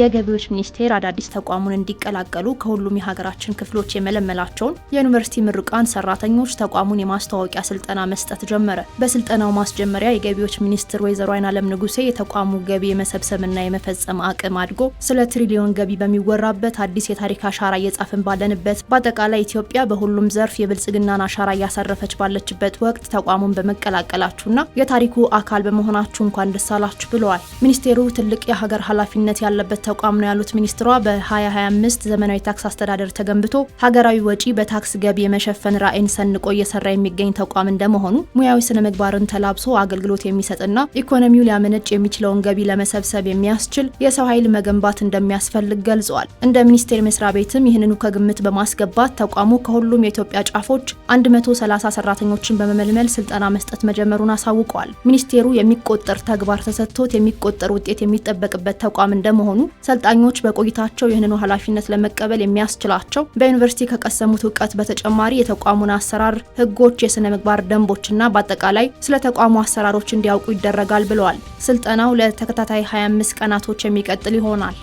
የገቢዎች ሚኒስቴር አዳዲስ ተቋሙን እንዲቀላቀሉ ከሁሉም የሀገራችን ክፍሎች የመለመላቸውን የዩኒቨርሲቲ ምሩቃን ሰራተኞች ተቋሙን የማስተዋወቂያ ስልጠና መስጠት ጀመረ። በስልጠናው ማስጀመሪያ የገቢዎች ሚኒስትር ወይዘሮ አይናለም ንጉሴ የተቋሙ ገቢ የመሰብሰብና የመፈጸም አቅም አድጎ ስለ ትሪሊዮን ገቢ በሚወራበት አዲስ የታሪክ አሻራ እየጻፍን ባለንበት በአጠቃላይ ኢትዮጵያ በሁሉም ዘርፍ የብልጽግናን አሻራ እያሳረፈች ባለችበት ወቅት ተቋሙን በመቀላቀላችሁና የታሪኩ አካል በመሆናችሁ እንኳን ደስ አላችሁ ብለዋል። ሚኒስቴሩ ትልቅ የሀገር ኃላፊነት ያለበት ተቋም ነው ያሉት ሚኒስትሯ በ2025 ዘመናዊ ታክስ አስተዳደር ተገንብቶ ሀገራዊ ወጪ በታክስ ገቢ የመሸፈን ራዕይን ሰንቆ እየሰራ የሚገኝ ተቋም እንደመሆኑ ሙያዊ ስነ ምግባርን ተላብሶ አገልግሎት የሚሰጥና ኢኮኖሚው ሊያመነጭ የሚችለውን ገቢ ለመሰብሰብ የሚያስችል የሰው ኃይል መገንባት እንደሚያስፈልግ ገልጿል። እንደ ሚኒስቴር መስሪያ ቤትም ይህንኑ ከግምት በማስገባት ተቋሙ ከሁሉም የኢትዮጵያ ጫፎች 130 ሰራተኞችን በመመልመል ስልጠና መስጠት መጀመሩን አሳውቋል። ሚኒስቴሩ የሚቆጠር ተግባር ተሰጥቶት የሚቆጠር ውጤት የሚጠበቅበት ተቋም እንደመሆኑ ሰልጣኞች በቆይታቸው ይህንኑ ኃላፊነት ለመቀበል የሚያስችላቸው በዩኒቨርሲቲ ከቀሰሙት እውቀት በተጨማሪ የተቋሙን አሰራር፣ ህጎች፣ የሥነ ምግባር ደንቦችና በአጠቃላይ ስለ ተቋሙ አሰራሮች እንዲያውቁ ይደረጋል ብለዋል። ስልጠናው ለተከታታይ 25 ቀናቶች የሚቀጥል ይሆናል።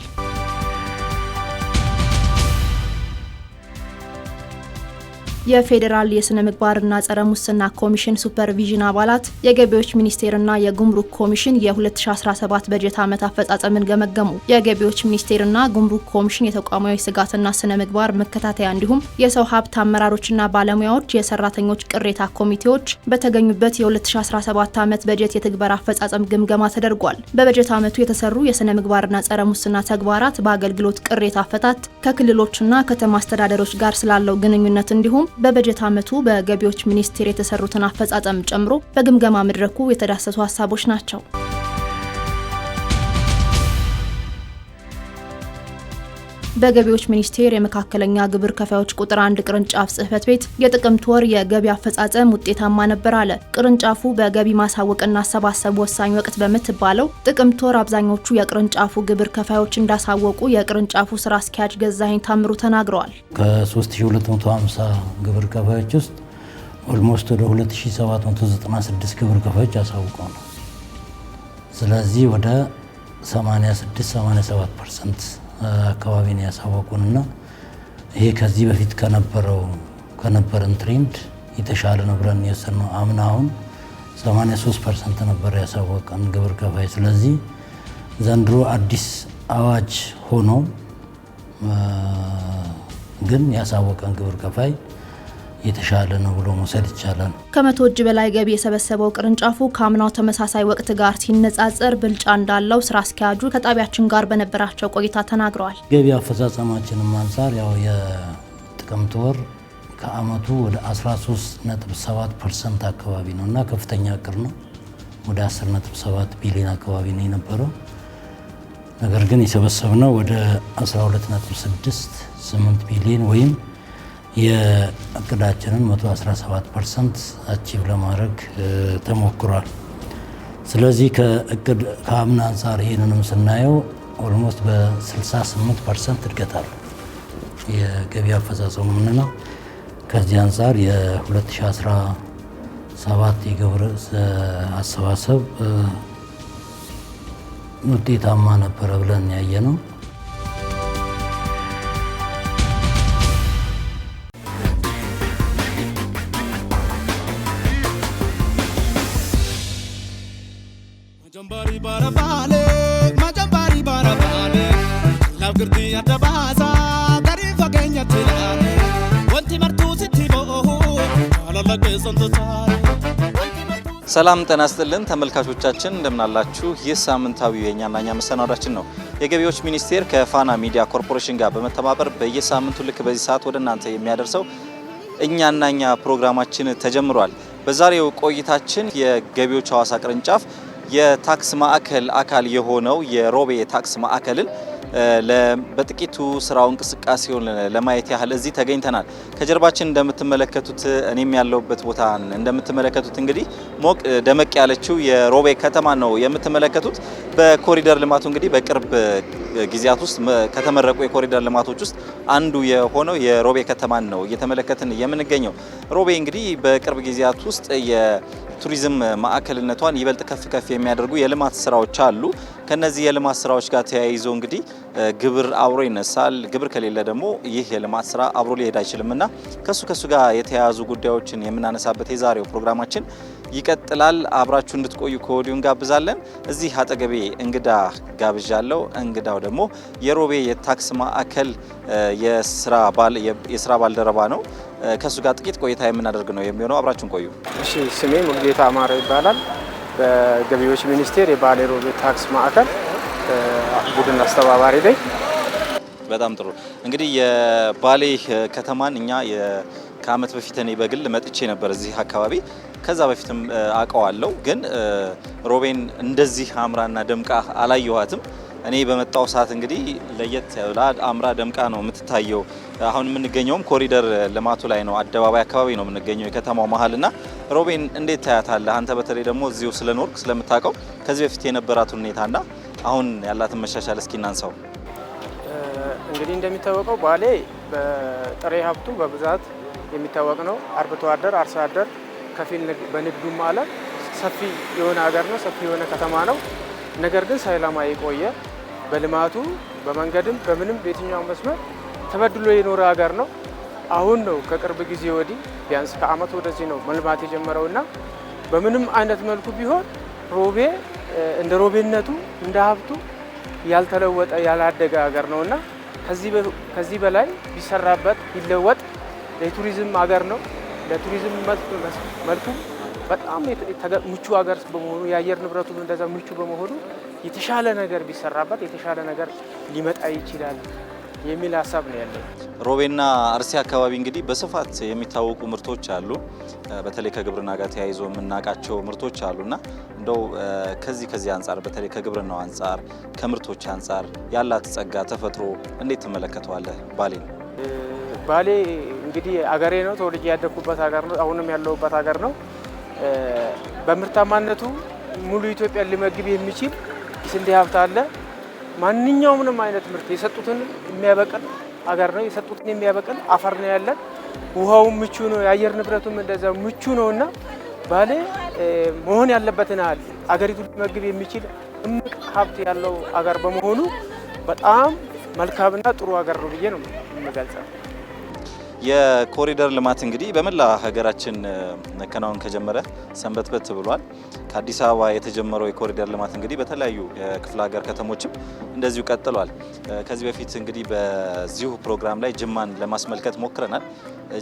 የፌዴራል የስነ ምግባርና ጸረ ሙስና ኮሚሽን ሱፐርቪዥን አባላት የገቢዎች ሚኒስቴርና የጉምሩክ ኮሚሽን የ2017 በጀት ዓመት አፈጻጸምን ገመገሙ። የገቢዎች ሚኒስቴርና ጉምሩክ ኮሚሽን የተቋማዊ ስጋትና ስነ ምግባር መከታተያ እንዲሁም የሰው ሀብት አመራሮችና ባለሙያዎች፣ የሰራተኞች ቅሬታ ኮሚቴዎች በተገኙበት የ2017 ዓመት በጀት የትግበር አፈጻጸም ግምገማ ተደርጓል። በበጀት ዓመቱ የተሰሩ የስነ ምግባርና ጸረ ሙስና ተግባራት በአገልግሎት ቅሬታ አፈታት ከክልሎችና ከተማ አስተዳደሮች ጋር ስላለው ግንኙነት እንዲሁም በበጀት ዓመቱ በገቢዎች ሚኒስቴር የተሰሩትን አፈጻጸም ጨምሮ በግምገማ መድረኩ የተዳሰሱ ሀሳቦች ናቸው። በገቢዎች ሚኒስቴር የመካከለኛ ግብር ከፋዮች ቁጥር አንድ ቅርንጫፍ ጽህፈት ቤት የጥቅምት ወር የገቢ አፈጻጸም ውጤታማ ነበር አለ። ቅርንጫፉ በገቢ ማሳወቅና አሰባሰብ ወሳኝ ወቅት በምትባለው ጥቅምት ወር አብዛኞቹ የቅርንጫፉ ግብር ከፋዮች እንዳሳወቁ የቅርንጫፉ ስራ አስኪያጅ ገዛኸኝ ታምሩ ተናግረዋል። ከ3250 ግብር ከፋዮች ውስጥ ኦልሞስት ወደ 2796 ግብር ከፋዮች አሳውቀው ነው። ስለዚህ ወደ 86 87 ፐርሰንት አካባቢን ያሳወቁንና ይሄ ከዚህ በፊት ከነበረው ከነበረን ትሬንድ የተሻለ ነው ብለን የወሰድነው አምና አሁን 83 ፐርሰንት ነበር ያሳወቀን ግብር ከፋይ። ስለዚህ ዘንድሮ አዲስ አዋጅ ሆኖ ግን ያሳወቀን ግብር ከፋይ የተሻለ ነው ብሎ መውሰድ ይቻላል። ከመቶ እጅ በላይ ገቢ የሰበሰበው ቅርንጫፉ ከአምናው ተመሳሳይ ወቅት ጋር ሲነጻጸር ብልጫ እንዳለው ስራ አስኪያጁ ከጣቢያችን ጋር በነበራቸው ቆይታ ተናግረዋል። ገቢ አፈጻጸማችንም አንጻር ያው የጥቅምት ወር ከአመቱ ወደ 13.7 ፐርሰንት አካባቢ ነው እና ከፍተኛ ቅር ነው ወደ 10.7 ቢሊዮን አካባቢ ነው የነበረው። ነገር ግን የሰበሰብነው ወደ 12.68 ቢሊዮን ወይም የእቅዳችንን 117 ፐርሰንት አቺቭ ለማድረግ ተሞክሯል። ስለዚህ ከእቅድ ከአምና አንጻር ይህንንም ስናየው ኦልሞስት በ68 ፐርሰንት እድገት አለ የገቢ አፈጻጸሙ የምንለው። ከዚህ አንጻር የ2017 የግብር አሰባሰብ ውጤታማ ነበረ ብለን ያየ ነው። ሰላም ጤና ይስጥልን ተመልካቾቻችን፣ እንደምናላችሁ። ይህ ሳምንታዊ የእኛና እኛ መሰናዷችን ነው። የገቢዎች ሚኒስቴር ከፋና ሚዲያ ኮርፖሬሽን ጋር በመተባበር በየሳምንቱ ልክ በዚህ ሰዓት ወደ እናንተ የሚያደርሰው እኛና እኛ ፕሮግራማችን ተጀምሯል። በዛሬው ቆይታችን የገቢዎች ሐዋሳ ቅርንጫፍ የታክስ ማዕከል አካል የሆነው የሮቤ ታክስ ማዕከልን በጥቂቱ ስራው እንቅስቃሴውን ለማየት ያህል እዚህ ተገኝተናል። ከጀርባችን እንደምትመለከቱት እኔም ያለውበት ቦታ እንደምትመለከቱት እንግዲህ ሞቅ ደመቅ ያለችው የሮቤ ከተማ ነው የምትመለከቱት። በኮሪደር ልማቱ እንግዲህ በቅርብ ጊዜያት ውስጥ ከተመረቁ የኮሪደር ልማቶች ውስጥ አንዱ የሆነው የሮቤ ከተማን ነው እየተመለከትን የምንገኘው። ሮቤ እንግዲህ በቅርብ ጊዜያት ውስጥ የቱሪዝም ማዕከልነቷን ይበልጥ ከፍ ከፍ የሚያደርጉ የልማት ስራዎች አሉ። ከነዚህ የልማት ስራዎች ጋር ተያይዞ እንግዲህ ግብር አብሮ ይነሳል። ግብር ከሌለ ደግሞ ይህ የልማት ስራ አብሮ ሊሄድ አይችልም እና ከሱ ከሱ ጋር የተያያዙ ጉዳዮችን የምናነሳበት የዛሬው ፕሮግራማችን ይቀጥላል። አብራችሁ እንድትቆዩ ከወዲሁ እንጋብዛለን። እዚህ አጠገቤ እንግዳ ጋብዣለሁ። እንግዳው ደግሞ የሮቤ የታክስ ማዕከል የስራ ባልደረባ ነው። ከእሱ ጋር ጥቂት ቆይታ የምናደርግ ነው የሚሆነው። አብራችሁን ቆዩ። እሺ፣ ስሜ ሙሉጌታ አማረ ይባላል። በገቢዎች ሚኒስቴር የባሌ ሮቤ ታክስ ማዕከል ቡድን አስተባባሪ ላይ። በጣም ጥሩ እንግዲህ የባሌ ከተማን እኛ ከአመት በፊት እኔ በግል መጥቼ ነበር እዚህ አካባቢ። ከዛ በፊትም አውቀዋለሁ፣ ግን ሮቤን እንደዚህ አምራና ደምቃ አላየኋትም። እኔ በመጣው ሰዓት እንግዲህ ለየት ብላ አምራ ደምቃ ነው የምትታየው። አሁን የምንገኘውም ኮሪደር ልማቱ ላይ ነው፣ አደባባይ አካባቢ ነው የምንገኘው የከተማው መሀል እና ሮቤን እንዴት ታያታለህ አንተ? በተለይ ደግሞ እዚሁ ስለኖርክ ስለምታውቀው ከዚህ በፊት የነበራት እና አሁን ያላትን መሻሻል እስኪ እናንሳው። እንግዲህ እንደሚታወቀው ባሌ በጥሬ ሀብቱ በብዛት የሚታወቅ ነው። አርብቶ አደር፣ አርሶ አደር ከፊል በንግዱም አለም ሰፊ የሆነ ሀገር ነው፣ ሰፊ የሆነ ከተማ ነው። ነገር ግን ሳይለማ የቆየ በልማቱ በመንገድም በምንም በየትኛውም መስመር ተበድሎ የኖረ ሀገር ነው። አሁን ነው ከቅርብ ጊዜ ወዲህ ቢያንስ ከአመት ወደዚህ ነው መልማት የጀመረው እና በምንም አይነት መልኩ ቢሆን ሮቤ እንደ ሮቤነቱ እንደ ሀብቱ ያልተለወጠ ያላደገ ሀገር ነው እና ከዚህ በላይ ቢሰራበት ቢለወጥ የቱሪዝም ሀገር ነው። ለቱሪዝም መልኩም በጣም ምቹ ሀገር በመሆኑ የአየር ንብረቱ እንደዛ ምቹ በመሆኑ የተሻለ ነገር ቢሰራበት የተሻለ ነገር ሊመጣ ይችላል የሚል ሀሳብ ነው ያለው። ሮቤና አርሲ አካባቢ እንግዲህ በስፋት የሚታወቁ ምርቶች አሉ። በተለይ ከግብርና ጋር ተያይዞ የምናውቃቸው ምርቶች አሉና እንደው ከዚህ ከዚህ አንጻር በተለይ ከግብርናው አንጻር ከምርቶች አንጻር ያላት ጸጋ ተፈጥሮ እንዴት ትመለከተዋለህ? ባሌ ባሌ እንግዲህ አገሬ ነው፣ ተወልጄ ያደግኩበት ሀገር ነው፣ አሁንም ያለሁበት ሀገር ነው። በምርታማነቱ ሙሉ ኢትዮጵያን ሊመግብ የሚችል ስንዴ ሀብት አለ። ማንኛውንም አይነት ምርት የሰጡትን የሚያበቅል አገር ነው፣ የሰጡትን የሚያበቅል አፈር ነው ያለን። ውሃውም ምቹ ነው፣ የአየር ንብረቱም እንደዛ ምቹ ነው እና ባሌ መሆን ያለበትን ያህል አገሪቱ ሊመግብ የሚችል እምቅ ሀብት ያለው አገር በመሆኑ በጣም መልካምና ጥሩ ሀገር ነው ብዬ ነው የምገልጸው። የኮሪደር ልማት እንግዲህ በመላ ሀገራችን መከናወን ከጀመረ ሰንበትበት ብሏል። ከአዲስ አበባ የተጀመረው የኮሪደር ልማት እንግዲህ በተለያዩ የክፍለ ሀገር ከተሞችም እንደዚሁ ቀጥሏል። ከዚህ በፊት እንግዲህ በዚሁ ፕሮግራም ላይ ጅማን ለማስመልከት ሞክረናል።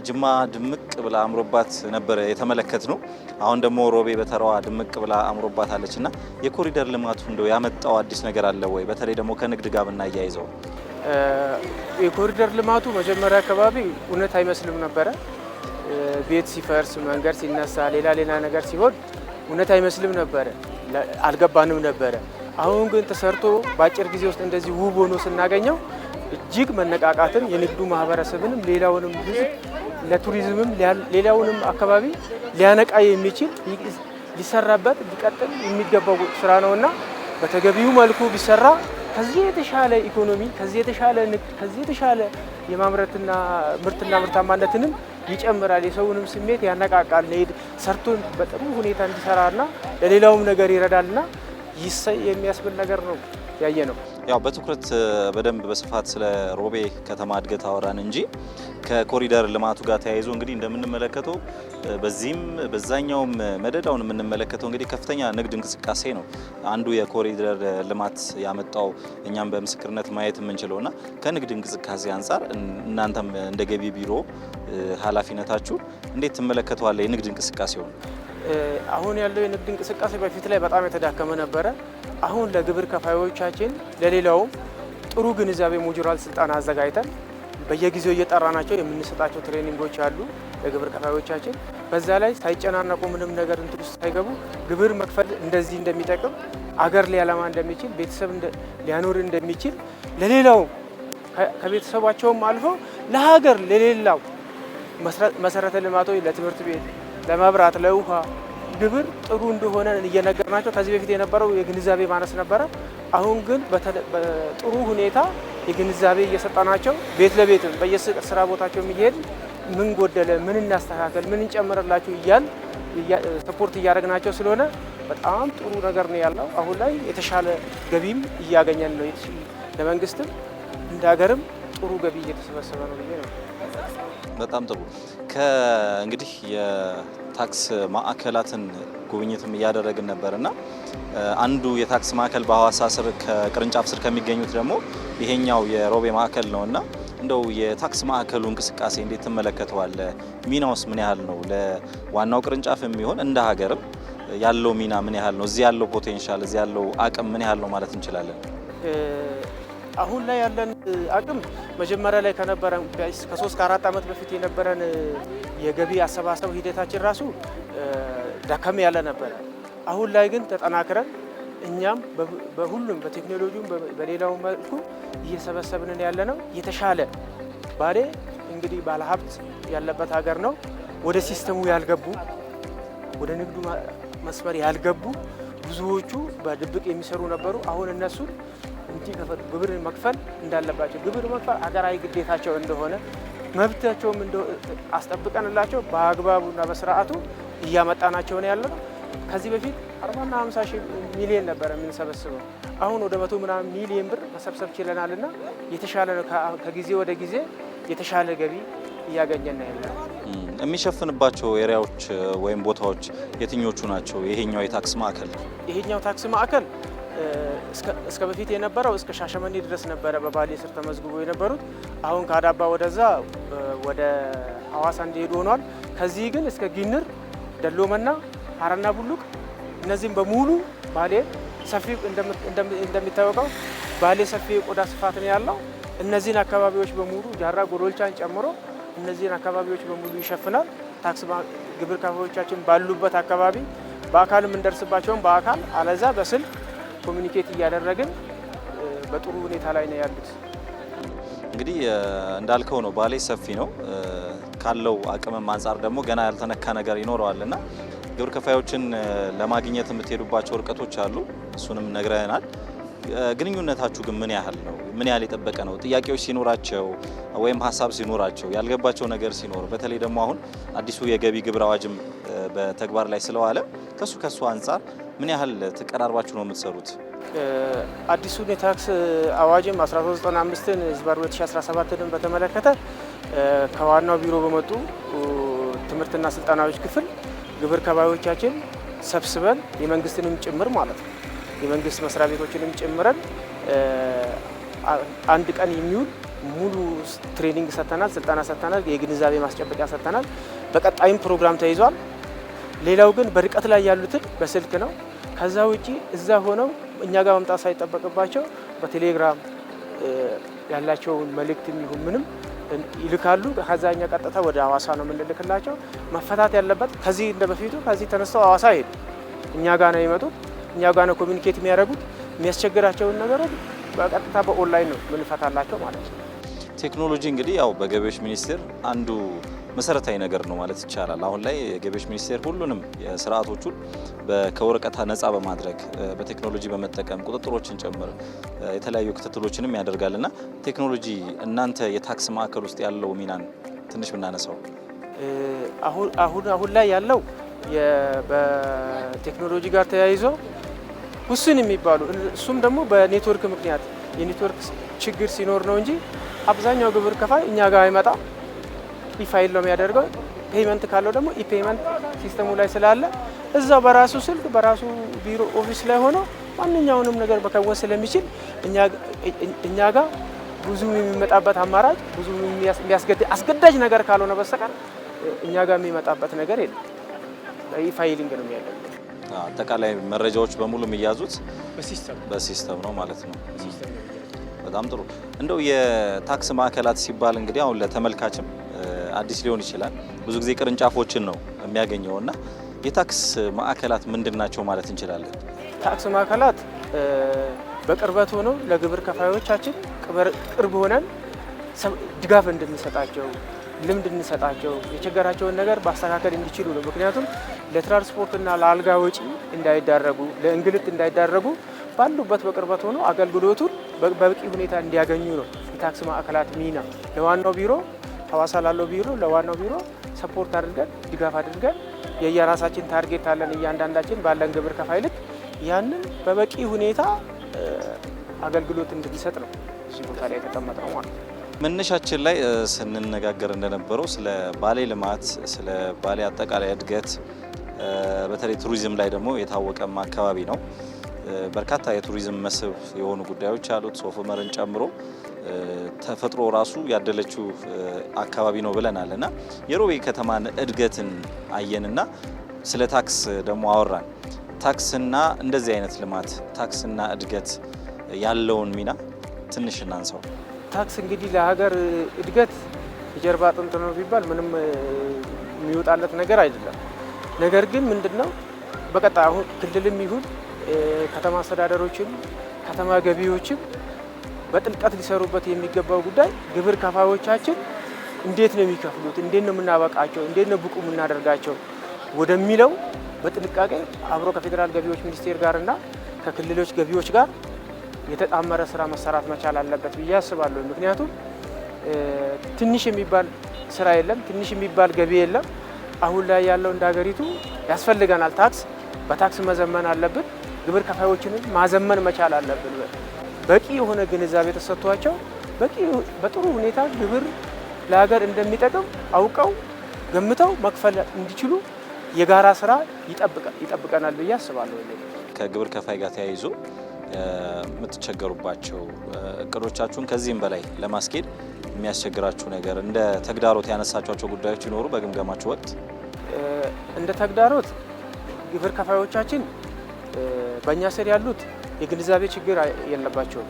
ጅማ ድምቅ ብላ አምሮባት ነበረ የተመለከት ነው። አሁን ደግሞ ሮቤ በተራዋ ድምቅ ብላ አምሮባት አለች እና የኮሪደር ልማቱ እንደው ያመጣው አዲስ ነገር አለ ወይ? በተለይ ደግሞ ከንግድ ጋር ብናያይዘው የኮሪደር ልማቱ መጀመሪያ አካባቢ እውነት አይመስልም ነበረ። ቤት ሲፈርስ መንገድ ሲነሳ ሌላ ሌላ ነገር ሲሆን እውነት አይመስልም ነበረ፣ አልገባንም ነበረ። አሁን ግን ተሰርቶ በአጭር ጊዜ ውስጥ እንደዚህ ውብ ሆኖ ስናገኘው እጅግ መነቃቃትን የንግዱ ማህበረሰብንም ሌላውንም ህዝብ ለቱሪዝምም ሌላውንም አካባቢ ሊያነቃ የሚችል ሊሰራበት ሊቀጥል የሚገባው ስራ ነውና በተገቢው መልኩ ቢሰራ ከዚህ የተሻለ ኢኮኖሚ ከዚህ የተሻለ ንግድ ከዚህ የተሻለ የማምረትና ምርትና ምርታማነትንም ይጨምራል። የሰውንም ስሜት ያነቃቃል። ለሄድ ሰርቶን በጥሩ ሁኔታ እንዲሰራና ለሌላውም ነገር ይረዳልና ይሰይ የሚያስብል ነገር ነው ያየ ነው። ያው በትኩረት በደንብ በስፋት ስለ ሮቤ ከተማ እድገት አወራን እንጂ ከኮሪደር ልማቱ ጋር ተያይዞ እንግዲህ እንደምንመለከተው በዚህም በዛኛውም መደዳውን የምንመለከተው እንግዲህ ከፍተኛ ንግድ እንቅስቃሴ ነው። አንዱ የኮሪደር ልማት ያመጣው እኛም በምስክርነት ማየት የምንችለው እና ከንግድ እንቅስቃሴ አንጻር እናንተም እንደ ገቢ ቢሮ ኃላፊነታችሁ እንዴት ትመለከተዋለ የንግድ እንቅስቃሴውን? አሁን ያለው የንግድ እንቅስቃሴ በፊት ላይ በጣም የተዳከመ ነበረ። አሁን ለግብር ከፋዮቻችን ለሌላውም ጥሩ ግንዛቤ ሞጁራል ስልጠና አዘጋጅተን በየጊዜው እየጠራናቸው የምንሰጣቸው ትሬኒንጎች አሉ ለግብር ከፋዮቻችን። በዛ ላይ ሳይጨናነቁ ምንም ነገር እንትን ውስጥ ሳይገቡ ግብር መክፈል እንደዚህ እንደሚጠቅም አገር ሊያለማ እንደሚችል ቤተሰብ ሊያኖር እንደሚችል ለሌላው ከቤተሰባቸውም አልፎ ለሀገር ለሌላው መሰረተ ልማቶች ለትምህርት ቤት ለመብራት፣ ለውሃ ግብር ጥሩ እንደሆነ እየነገርናቸው ከዚህ በፊት የነበረው የግንዛቤ ማነስ ነበረ። አሁን ግን በጥሩ ሁኔታ የግንዛቤ እየሰጠናቸው ቤት ለቤትም በየስራ ቦታቸው የሚሄድ ምን ጎደለ፣ ምን እናስተካከል፣ ምን እንጨምርላቸው እያል ሰፖርት እያደረግናቸው ስለሆነ በጣም ጥሩ ነገር ነው ያለው። አሁን ላይ የተሻለ ገቢም እያገኘን ነው። ለመንግስትም እንደ ሀገርም ጥሩ ገቢ እየተሰበሰበ ነው ብዬ ነው በጣም ጥሩ። እንግዲህ የታክስ ማዕከላትን ጉብኝትም እያደረግን ነበር እና አንዱ የታክስ ማዕከል በሐዋሳ ስር ከቅርንጫፍ ስር ከሚገኙት ደግሞ ይሄኛው የሮቤ ማዕከል ነው እና እንደው የታክስ ማዕከሉ እንቅስቃሴ እንዴት ትመለከተዋለ? ሚናውስ ምን ያህል ነው? ለዋናው ቅርንጫፍ የሚሆን እንደ ሀገርም ያለው ሚና ምን ያህል ነው? እዚህ ያለው ፖቴንሻል፣ እዚህ ያለው አቅም ምን ያህል ነው ማለት እንችላለን? አሁን ላይ ያለን አቅም መጀመሪያ ላይ ከነበረን ከሶስት ከአራት ዓመት በፊት የነበረን የገቢ አሰባሰብ ሂደታችን ራሱ ደከም ያለ ነበረ። አሁን ላይ ግን ተጠናክረን እኛም በሁሉም በቴክኖሎጂውም በሌላው መልኩ እየሰበሰብንን ያለ ነው። የተሻለ ባሌ እንግዲህ ባለሀብት ያለበት ሀገር ነው። ወደ ሲስተሙ ያልገቡ ወደ ንግዱ መስመር ያልገቡ ብዙዎቹ በድብቅ የሚሰሩ ነበሩ። አሁን እነሱን እጅ ከፈቱ ግብር መክፈል እንዳለባቸው ግብር መክፈል አገራዊ ግዴታቸው እንደሆነ መብታቸውም አስጠብቀንላቸው በአግባቡና በስርዓቱ እያመጣናቸው ነው ያለነው። ከዚህ በፊት አርባና ሀምሳ ሺህ ሚሊየን ነበር የምንሰበስበው አሁን ወደ መቶ ምናምን ሚሊየን ብር መሰብሰብ ችለናል ና የተሻለ ነው። ከጊዜ ወደ ጊዜ የተሻለ ገቢ እያገኘን ነው ያለ የሚሸፍንባቸው ኤሪያዎች ወይም ቦታዎች የትኞቹ ናቸው? ይሄኛው የታክስ ማዕከል ይሄኛው ታክስ ማዕከል እስከ በፊት የነበረው እስከ ሻሸመኔ ድረስ ነበረ በባሌ ስር ተመዝግቦ የነበሩት። አሁን ከአዳባ ወደዛ ወደ ሀዋሳ እንዲሄዱ ሆኗል። ከዚህ ግን እስከ ጊንር፣ ደሎመና፣ ሀረና ቡሉቅ እነዚህም በሙሉ ባሌ ሰፊ እንደሚታወቀው ባሌ ሰፊ የቆዳ ስፋት ነው ያለው። እነዚህን አካባቢዎች በሙሉ ጃራ ጎዶልቻን ጨምሮ እነዚህን አካባቢዎች በሙሉ ይሸፍናል። ታክስ ግብር ከፋዮቻችን ባሉበት አካባቢ በአካል የምንደርስባቸውን በአካል አለዛ በስልክ ኮሚኒኬት እያደረግን በጥሩ ሁኔታ ላይ ነው ያሉት። እንግዲህ እንዳልከው ነው፣ ባሌ ሰፊ ነው። ካለው አቅምም አንጻር ደግሞ ገና ያልተነካ ነገር ይኖረዋል እና ግብር ከፋዮችን ለማግኘት የምትሄዱባቸው እርቀቶች አሉ፣ እሱንም ነግረናል። ግንኙነታችሁ ግን ምን ያህል ነው? ምን ያህል የጠበቀ ነው? ጥያቄዎች ሲኖራቸው ወይም ሀሳብ ሲኖራቸው ያልገባቸው ነገር ሲኖር፣ በተለይ ደግሞ አሁን አዲሱ የገቢ ግብር አዋጅም በተግባር ላይ ስለዋለ ከሱ ከሱ አንጻር ምን ያህል ተቀራርባችሁ ነው የምትሰሩት? አዲሱን የታክስ አዋጅም 1395ን ህዝባር 2017ን በተመለከተ ከዋናው ቢሮ በመጡ ትምህርትና ስልጠናዎች ክፍል ግብር ከባቢዎቻችን ሰብስበን የመንግስትንም ጭምር ማለት ነው የመንግስት መስሪያ ቤቶችንም ጭምረን አንድ ቀን የሚውል ሙሉ ትሬኒንግ ሰጥተናል፣ ስልጠና ሰጥተናል፣ የግንዛቤ ማስጨበቂያ ሰጥተናል። በቀጣይም ፕሮግራም ተይዟል። ሌላው ግን በርቀት ላይ ያሉትን በስልክ ነው። ከዛ ውጪ እዛ ሆነው እኛ ጋር መምጣት ሳይጠበቅባቸው በቴሌግራም ያላቸውን መልእክት የሚሆን ምንም ይልካሉ። ከዛኛ ቀጥታ ወደ ሀዋሳ ነው የምንልክላቸው። መፈታት ያለበት ከዚህ እንደ በፊቱ ከዚህ ተነስተው ሀዋሳ ይሄዱ እኛ ጋ ነው የሚመጡት፣ እኛ ጋ ነው ኮሚኒኬት የሚያደርጉት። የሚያስቸግራቸውን ነገሮች በቀጥታ በኦንላይን ነው የምንፈታላቸው ማለት ነው። ቴክኖሎጂ እንግዲህ ያው በገቢዎች ሚኒስቴር አንዱ መሰረታዊ ነገር ነው ማለት ይቻላል። አሁን ላይ የገቢዎች ሚኒስቴር ሁሉንም ስርዓቶቹን በከወረቀታ ነጻ በማድረግ በቴክኖሎጂ በመጠቀም ቁጥጥሮችን ጭምር የተለያዩ ክትትሎችንም ያደርጋል እና ቴክኖሎጂ እናንተ የታክስ ማዕከል ውስጥ ያለው ሚናን ትንሽ ብናነሳው። አሁን አሁን ላይ ያለው በቴክኖሎጂ ጋር ተያይዞ ውስን የሚባሉ እሱም ደግሞ በኔትወርክ ምክንያት የኔትወርክ ችግር ሲኖር ነው እንጂ አብዛኛው ግብር ከፋይ እኛ ጋር አይመጣ ዲፋይል ነው የሚያደርገው። ፔመንት ካለው ደግሞ ኢፔመንት ሲስተሙ ላይ ስላለ እዛው በራሱ ስልክ በራሱ ቢሮ ኦፊስ ላይ ሆኖ ማንኛውንም ነገር መከወን ስለሚችል እኛ ጋር ብዙ የሚመጣበት አማራጭ ብዙ አስገዳጅ ነገር ካልሆነ በስተቀር እኛ ጋር የሚመጣበት ነገር የለም። ፋይሊንግ ነው ያለ። አጠቃላይ መረጃዎች በሙሉ የሚያዙት በሲስተም ነው ማለት ነው። በጣም ጥሩ። እንደው የታክስ ማዕከላት ሲባል እንግዲህ አሁን ለተመልካችም አዲስ ሊሆን ይችላል። ብዙ ጊዜ ቅርንጫፎችን ነው የሚያገኘው እና የታክስ ማዕከላት ምንድን ናቸው ማለት እንችላለን? ታክስ ማዕከላት በቅርበት ሆነው ለግብር ከፋዮቻችን ቅርብ ሆነን ድጋፍ እንድንሰጣቸው ልምድ እንሰጣቸው የቸገራቸውን ነገር ማስተካከል እንዲችሉ ነው። ምክንያቱም ለትራንስፖርትና ለአልጋ ወጪ እንዳይዳረጉ፣ ለእንግልት እንዳይዳረጉ ባሉበት በቅርበት ሆኖ አገልግሎቱን በበቂ ሁኔታ እንዲያገኙ ነው የታክስ ማዕከላት ሚና። ለዋናው ቢሮ ሀዋሳ ላለው ቢሮ ለዋናው ቢሮ ሰፖርት አድርገን ድጋፍ አድርገን የየራሳችን ታርጌት አለን። እያንዳንዳችን ባለን ግብር ከፋይ ልክ ያንን በበቂ ሁኔታ አገልግሎት እንድንሰጥ ነው እዚህ ቦታ ላይ የተቀመጠው ማለት ነው። መነሻችን ላይ ስንነጋገር እንደነበረው ስለ ባሌ ልማት፣ ስለ ባሌ አጠቃላይ እድገት በተለይ ቱሪዝም ላይ ደግሞ የታወቀም አካባቢ ነው። በርካታ የቱሪዝም መስህብ የሆኑ ጉዳዮች አሉት ሶፍ ዑመርን ጨምሮ ተፈጥሮ ራሱ ያደለችው አካባቢ ነው ብለናል እና የሮቤ ከተማን እድገትን አየንና ስለ ታክስ ደግሞ አወራን። ታክስና እንደዚህ አይነት ልማት ታክስና እድገት ያለውን ሚና ትንሽ እናንሳው። ታክስ እንግዲህ ለሀገር እድገት የጀርባ አጥንት ነው ቢባል ምንም የሚወጣለት ነገር አይደለም። ነገር ግን ምንድነው በቀጣይ አሁን ክልልም ይሁን ከተማ አስተዳደሮችም ከተማ ገቢዎችም በጥልቀት ሊሰሩበት የሚገባው ጉዳይ ግብር ከፋዮቻችን እንዴት ነው የሚከፍሉት፣ እንዴት ነው የምናበቃቸው፣ እንዴት ነው ብቁ የምናደርጋቸው ወደሚለው በጥንቃቄ አብሮ ከፌዴራል ገቢዎች ሚኒስቴር እና ከክልሎች ገቢዎች ጋር የተጣመረ ስራ መሰራት መቻል አለበት ብዬ አስባለሁ። ምክንያቱም ትንሽ የሚባል ስራ የለም፣ ትንሽ የሚባል ገቢ የለም። አሁን ላይ ያለው እንደ ሀገሪቱ ያስፈልገናል። ታክስ በታክስ መዘመን አለብን። ግብር ከፋዮችንም ማዘመን መቻል አለብን። በቂ የሆነ ግንዛቤ ተሰጥቷቸው በጥሩ ሁኔታ ግብር ለሀገር እንደሚጠቅም አውቀው ገምተው መክፈል እንዲችሉ የጋራ ስራ ይጠብቀናል ብዬ አስባለሁ። ከግብር ከፋይ ጋር ተያይዞ የምትቸገሩባቸው እቅዶቻችሁን ከዚህም በላይ ለማስኬድ የሚያስቸግራችሁ ነገር እንደ ተግዳሮት ያነሳቸዋቸው ጉዳዮች ይኖሩ በግምገማችሁ ወቅት? እንደ ተግዳሮት ግብር ከፋዮቻችን በእኛ ስር ያሉት የግንዛቤ ችግር የለባቸውም።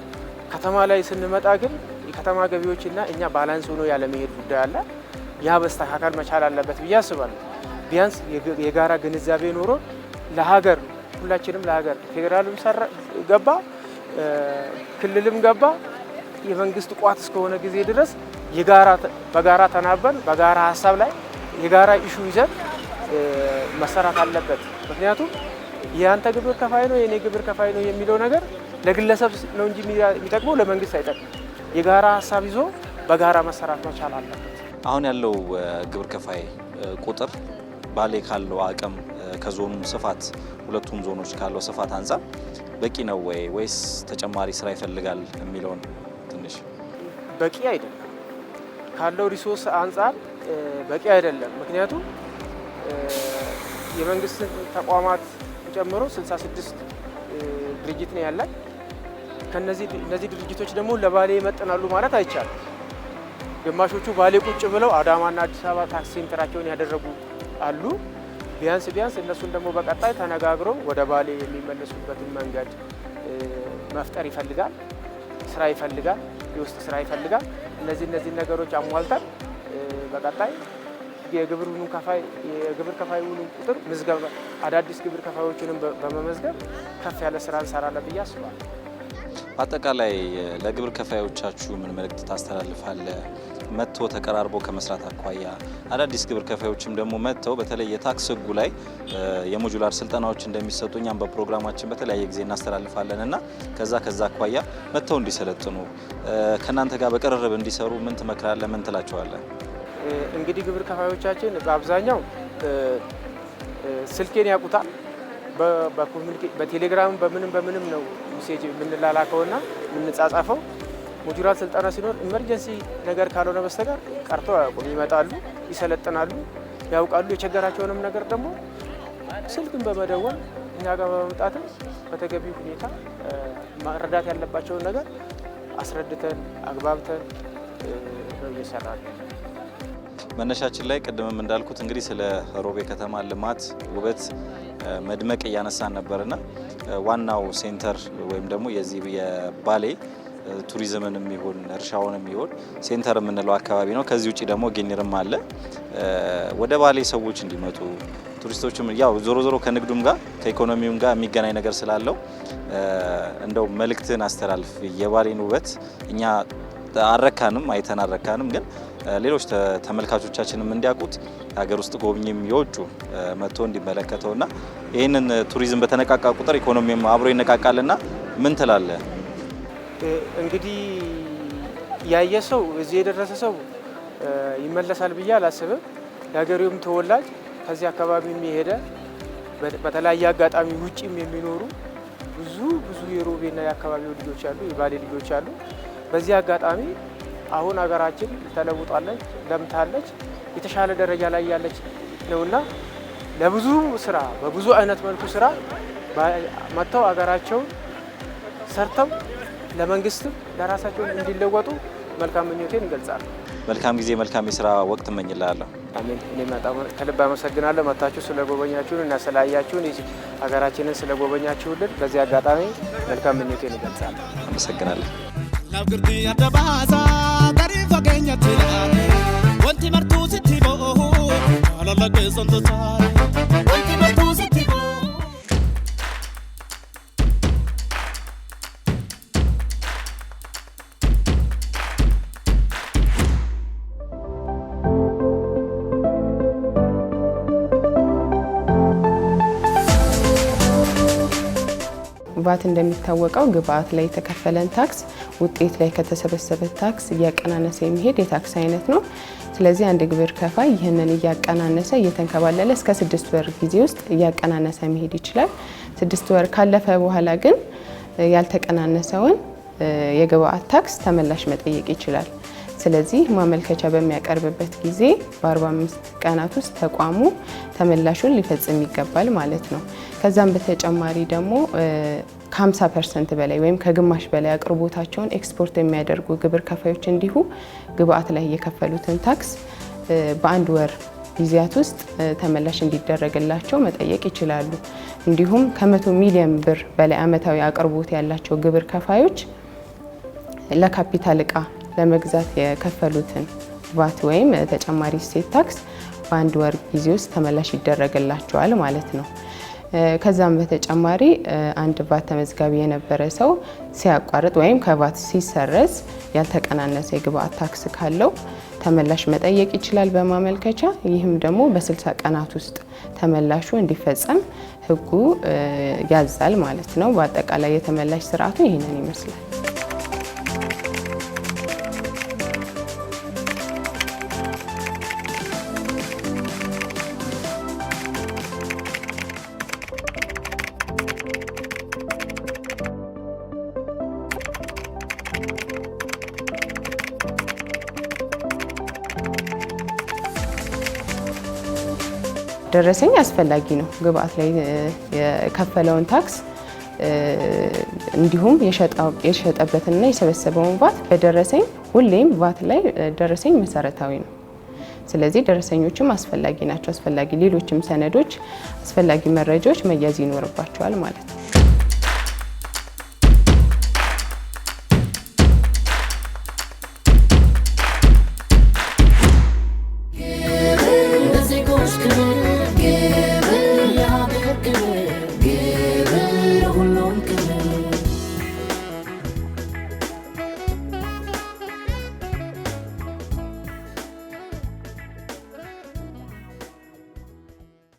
ከተማ ላይ ስንመጣ ግን የከተማ ገቢዎችና እኛ ባላንስ ሆኖ ያለመሄድ ጉዳይ አለ። ያ መስተካከል መቻል አለበት ብዬ አስባለሁ። ቢያንስ የጋራ ግንዛቤ ኖሮ ለሀገር ሁላችንም ለሀገር ፌዴራልም ገባ ክልልም ገባ የመንግስት ቋት እስከሆነ ጊዜ ድረስ በጋራ ተናበን በጋራ ሀሳብ ላይ የጋራ ኢሹ ይዘን መሰራት አለበት ምክንያቱም የአንተ ግብር ከፋይ ነው የእኔ ግብር ከፋይ ነው የሚለው ነገር ለግለሰብ ነው እንጂ የሚጠቅመው ለመንግስት አይጠቅም። የጋራ ሀሳብ ይዞ በጋራ መሰራት መቻል አለበት። አሁን ያለው ግብር ከፋይ ቁጥር ባሌ ካለው አቅም ከዞኑም ስፋት ሁለቱም ዞኖች ካለው ስፋት አንጻር በቂ ነው ወይ ወይስ ተጨማሪ ስራ ይፈልጋል የሚለውን ትንሽ በቂ አይደለም። ካለው ሪሶርስ አንጻር በቂ አይደለም። ምክንያቱም የመንግስት ተቋማት ጨምሮ 66 ድርጅት ነው ያለን። ከነዚህ እነዚህ ድርጅቶች ደግሞ ለባሌ ይመጥናሉ ማለት አይቻልም። ግማሾቹ ባሌ ቁጭ ብለው አዳማና አዲስ አበባ ታክሲ ሴንተራቸውን ያደረጉ አሉ። ቢያንስ ቢያንስ እነሱን ደግሞ በቀጣይ ተነጋግሮ ወደ ባሌ የሚመለሱበትን መንገድ መፍጠር ይፈልጋል። ስራ ይፈልጋል፣ የውስጥ ስራ ይፈልጋል። እነዚህ እነዚህ ነገሮች አሟልተን በቀጣይ የግብሩን ከፋይ የግብር ከፋዩንም ቁጥር ምዝገባ አዳዲስ ግብር ከፋዮችንም በመመዝገብ ከፍ ያለ ስራ እንሰራለን ብዬ አስባለሁ። አጠቃላይ ለግብር ከፋዮቻችሁ ምን መልእክት ታስተላልፋለ? መጥቶ ተቀራርቦ ከመስራት አኳያ አዳዲስ ግብር ከፋዮችም ደግሞ መጥተው በተለይ የታክስ ህጉ ላይ የሞጁላር ስልጠናዎች እንደሚሰጡ እኛም በፕሮግራማችን በተለያየ ጊዜ እናስተላልፋለን እና ከዛ ከዛ አኳያ መጥተው እንዲሰለጥኑ ከእናንተ ጋር በቅርርብ እንዲሰሩ ምን ትመክራለ? ምን ትላቸዋለን? እንግዲህ ግብር ከፋዮቻችን በአብዛኛው ስልኬን ያውቁታል። በቴሌግራም በምንም በምንም ነው ሜሴጅ የምንላላከውና የምንጻጻፈው። ሞጁራል ስልጠና ሲኖር ኢመርጀንሲ ነገር ካልሆነ በስተቀር ቀርተው አያውቁም። ይመጣሉ፣ ይሰለጥናሉ፣ ያውቃሉ። የቸገራቸውንም ነገር ደግሞ ስልክን በመደወል እኛ ጋር በመምጣትም በተገቢ ሁኔታ መረዳት ያለባቸውን ነገር አስረድተን አግባብተን ነው ነው። መነሻችን ላይ ቅድምም እንዳልኩት እንግዲህ ስለ ሮቤ ከተማ ልማት፣ ውበት፣ መድመቅ እያነሳን ነበርና ዋናው ሴንተር ወይም ደግሞ የዚህ የባሌ ቱሪዝምን የሚሆን እርሻውን የሚሆን ሴንተር የምንለው አካባቢ ነው። ከዚህ ውጭ ደግሞ ጌኒርም አለ። ወደ ባሌ ሰዎች እንዲመጡ ቱሪስቶችም ያው ዞሮ ዞሮ ከንግዱም ጋር ከኢኮኖሚውም ጋር የሚገናኝ ነገር ስላለው እንደው መልእክትን አስተላልፍ የባሌን ውበት እኛ አረካንም አይተን አረካንም ግን ሌሎች ተመልካቾቻችንም እንዲያውቁት የሀገር ውስጥ ጎብኝም የውጩ መጥቶ እንዲመለከተውና ይህንን ቱሪዝም በተነቃቃ ቁጥር ኢኮኖሚም አብሮ ይነቃቃልና ምን ትላለ? እንግዲህ ያየ ሰው እዚህ የደረሰ ሰው ይመለሳል ብዬ አላስብም። የሀገሬውም ተወላጅ ከዚህ አካባቢ የሄደ በተለያየ አጋጣሚ ውጭም የሚኖሩ ብዙ ብዙ የሮቤና የአካባቢው ልጆች አሉ፣ የባሌ ልጆች አሉ። በዚህ አጋጣሚ አሁን ሀገራችን ተለውጣለች፣ ለምታለች፣ የተሻለ ደረጃ ላይ ያለች ነውና ለብዙ ስራ በብዙ አይነት መልኩ ስራ መጥተው ሀገራቸውን ሰርተው ለመንግስትም ለራሳቸውን እንዲለወጡ መልካም ምኞቴን እንገልጻለሁ። መልካም ጊዜ፣ መልካም የስራ ወቅት እመኝላለሁ። አሜን። በጣም ከልብ አመሰግናለሁ። መታችሁ ስለጎበኛችሁን እና ስላያችሁን ሀገራችንን ስለጎበኛችሁልን በዚህ አጋጣሚ መልካም ምኞቴን እንገልጻለሁ። አመሰግናለሁ። እንደሚታወቀው ግብዓት ላይ የተከፈለን ታክስ ውጤት ላይ ከተሰበሰበ ታክስ እያቀናነሰ የሚሄድ የታክስ አይነት ነው። ስለዚህ አንድ ግብር ከፋይ ይህንን እያቀናነሰ እየተንከባለለ እስከ ስድስት ወር ጊዜ ውስጥ እያቀናነሰ መሄድ ይችላል። ስድስት ወር ካለፈ በኋላ ግን ያልተቀናነሰውን የግብአት ታክስ ተመላሽ መጠየቅ ይችላል። ስለዚህ ማመልከቻ በሚያቀርብበት ጊዜ በ45 ቀናት ውስጥ ተቋሙ ተመላሹን ሊፈጽም ይገባል ማለት ነው። ከዛም በተጨማሪ ደግሞ ከ50 ፐርሰንት በላይ ወይም ከግማሽ በላይ አቅርቦታቸውን ኤክስፖርት የሚያደርጉ ግብር ከፋዮች እንዲሁ ግብአት ላይ የከፈሉትን ታክስ በአንድ ወር ጊዜያት ውስጥ ተመላሽ እንዲደረግላቸው መጠየቅ ይችላሉ። እንዲሁም ከመቶ ሚሊዮን ብር በላይ አመታዊ አቅርቦት ያላቸው ግብር ከፋዮች ለካፒታል እቃ ለመግዛት የከፈሉትን ቫት ወይም ተጨማሪ እሴት ታክስ በአንድ ወር ጊዜ ውስጥ ተመላሽ ይደረግላቸዋል ማለት ነው። ከዛም በተጨማሪ አንድ ቫት ተመዝጋቢ የነበረ ሰው ሲያቋርጥ ወይም ከቫት ሲሰረዝ ያልተቀናነሰ የግብአት ታክስ ካለው ተመላሽ መጠየቅ ይችላል በማመልከቻ። ይህም ደግሞ በ60 ቀናት ውስጥ ተመላሹ እንዲፈጸም ሕጉ ያዛል ማለት ነው። በአጠቃላይ የተመላሽ ስርዓቱ ይህንን ይመስላል። ደረሰኝ አስፈላጊ ነው። ግብአት ላይ የከፈለውን ታክስ እንዲሁም የሸጠበትንና የሰበሰበውን ቫት በደረሰኝ ሁሌም ቫት ላይ ደረሰኝ መሰረታዊ ነው። ስለዚህ ደረሰኞችም አስፈላጊ ናቸው። አስፈላጊ ሌሎችም ሰነዶች፣ አስፈላጊ መረጃዎች መያዝ ይኖርባቸዋል ማለት ነው።